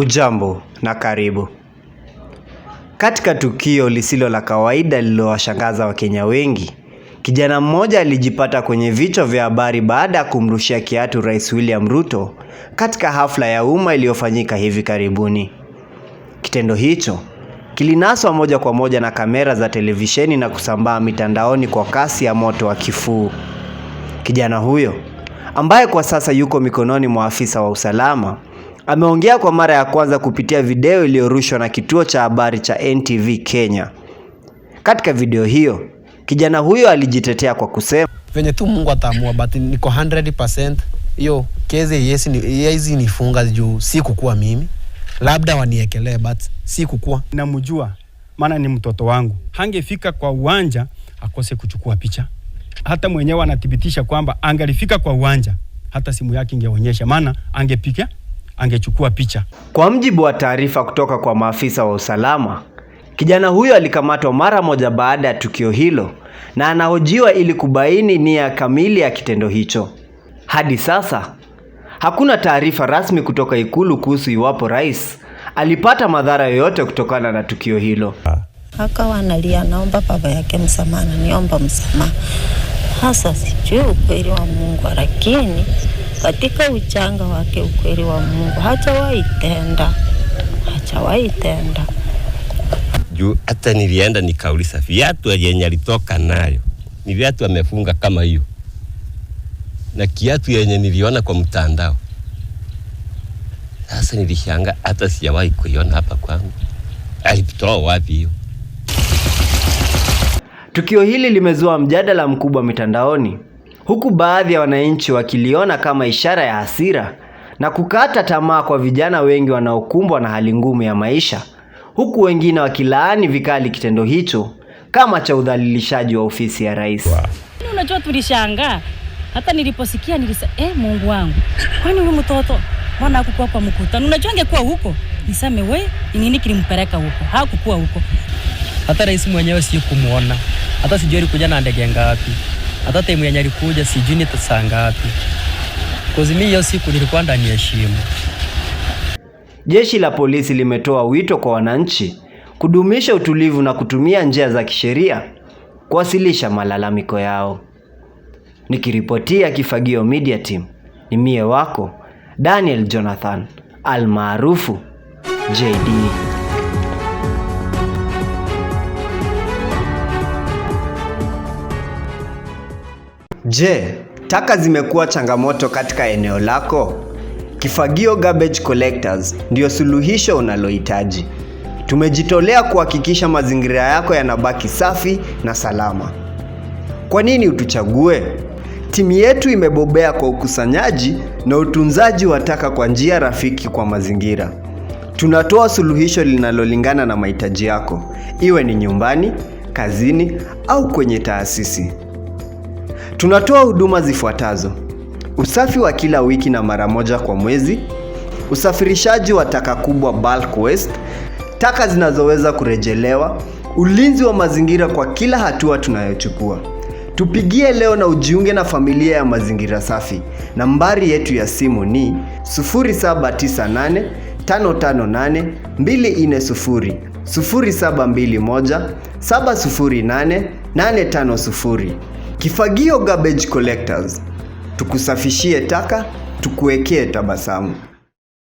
Hujambo na karibu. Katika tukio lisilo la kawaida lililowashangaza Wakenya wengi, kijana mmoja alijipata kwenye vichwa vya habari baada ya kumrushia kiatu Rais William Ruto katika hafla ya umma iliyofanyika hivi karibuni. Kitendo hicho kilinaswa moja kwa moja na kamera za televisheni na kusambaa mitandaoni kwa kasi ya moto wa kifuu. Kijana huyo ambaye kwa sasa yuko mikononi mwa afisa wa usalama Ameongea kwa mara ya kwanza kupitia video iliyorushwa na kituo cha habari cha NTV Kenya. Katika video hiyo, kijana huyo alijitetea kwa kusema, venye tu Mungu ataamua, but niko 100% hiyo kezi yesi nifunga juu si kukua mimi, labda waniekelee, but si kukua. Namjua maana ni mtoto wangu, hangefika kwa uwanja akose kuchukua picha. Hata mwenyewe anathibitisha kwamba angalifika kwa uwanja hata simu yake ingeonyesha, maana angepiga angechukua picha. Kwa mjibu wa taarifa kutoka kwa maafisa wa usalama, kijana huyo alikamatwa mara moja baada ya tukio hilo na anahojiwa ili kubaini nia kamili ya kitendo hicho. Hadi sasa hakuna taarifa rasmi kutoka Ikulu kuhusu iwapo rais alipata madhara yoyote kutokana na tukio hilo. Akawa analia, naomba baba yake msamaha, niomba msamaha. Hasa sijui ukweli wa Mungu, lakini katika uchanga wake ukweli wa Mungu. Hajawahi tenda, juu hata nilienda nikauliza viatu yenye alitoka nayo ni viatu amefunga kama hiyo, na kiatu yenye niliona kwa mtandao. Sasa nilishanga hata sijawahi kuiona hapa kwangu, alitoa wapi hiyo? Tukio hili limezua mjadala mkubwa mitandaoni huku baadhi ya wananchi wakiliona kama ishara ya hasira na kukata tamaa kwa vijana wengi wanaokumbwa na hali ngumu ya maisha, huku wengine wakilaani vikali kitendo hicho kama cha udhalilishaji wa ofisi ya rais. Wow. Yaani unajua, tulishangaa hata niliposikia nilisa, eh, Mungu wangu, kwani huyu mtoto mbona hakukuwa kwa mkutano? Unajua angekuwa huko niseme, we nini kilimpeleka huko? Hakukuwa huko, hata rais mwenyewe si kumuona, hata sijui alikuja na ndege ngapi hata timu yenye alikuja sijui ni saa ngapi. Mimi hiyo siku nilikuwa ndani ya shimo. Jeshi la polisi limetoa wito kwa wananchi kudumisha utulivu na kutumia njia za kisheria kuwasilisha malalamiko yao. Nikiripotia Kifagio Media Team, ni mie wako Daniel Jonathan almaarufu JD. Je, taka zimekuwa changamoto katika eneo lako? Kifagio Garbage Collectors ndio suluhisho unalohitaji. Tumejitolea kuhakikisha mazingira yako yanabaki safi na salama. Kwa nini utuchague? Timu yetu imebobea kwa ukusanyaji na utunzaji wa taka kwa njia rafiki kwa mazingira. Tunatoa suluhisho linalolingana na mahitaji yako, iwe ni nyumbani, kazini au kwenye taasisi. Tunatoa huduma zifuatazo: usafi wa kila wiki na mara moja kwa mwezi, usafirishaji wa taka kubwa bulk waste, taka zinazoweza kurejelewa, ulinzi wa mazingira kwa kila hatua tunayochukua. Tupigie leo na ujiunge na familia ya mazingira safi. Nambari yetu ya simu ni 0798 558 Kifagio Garbage Collectors, tukusafishie taka, tukuwekee tabasamu.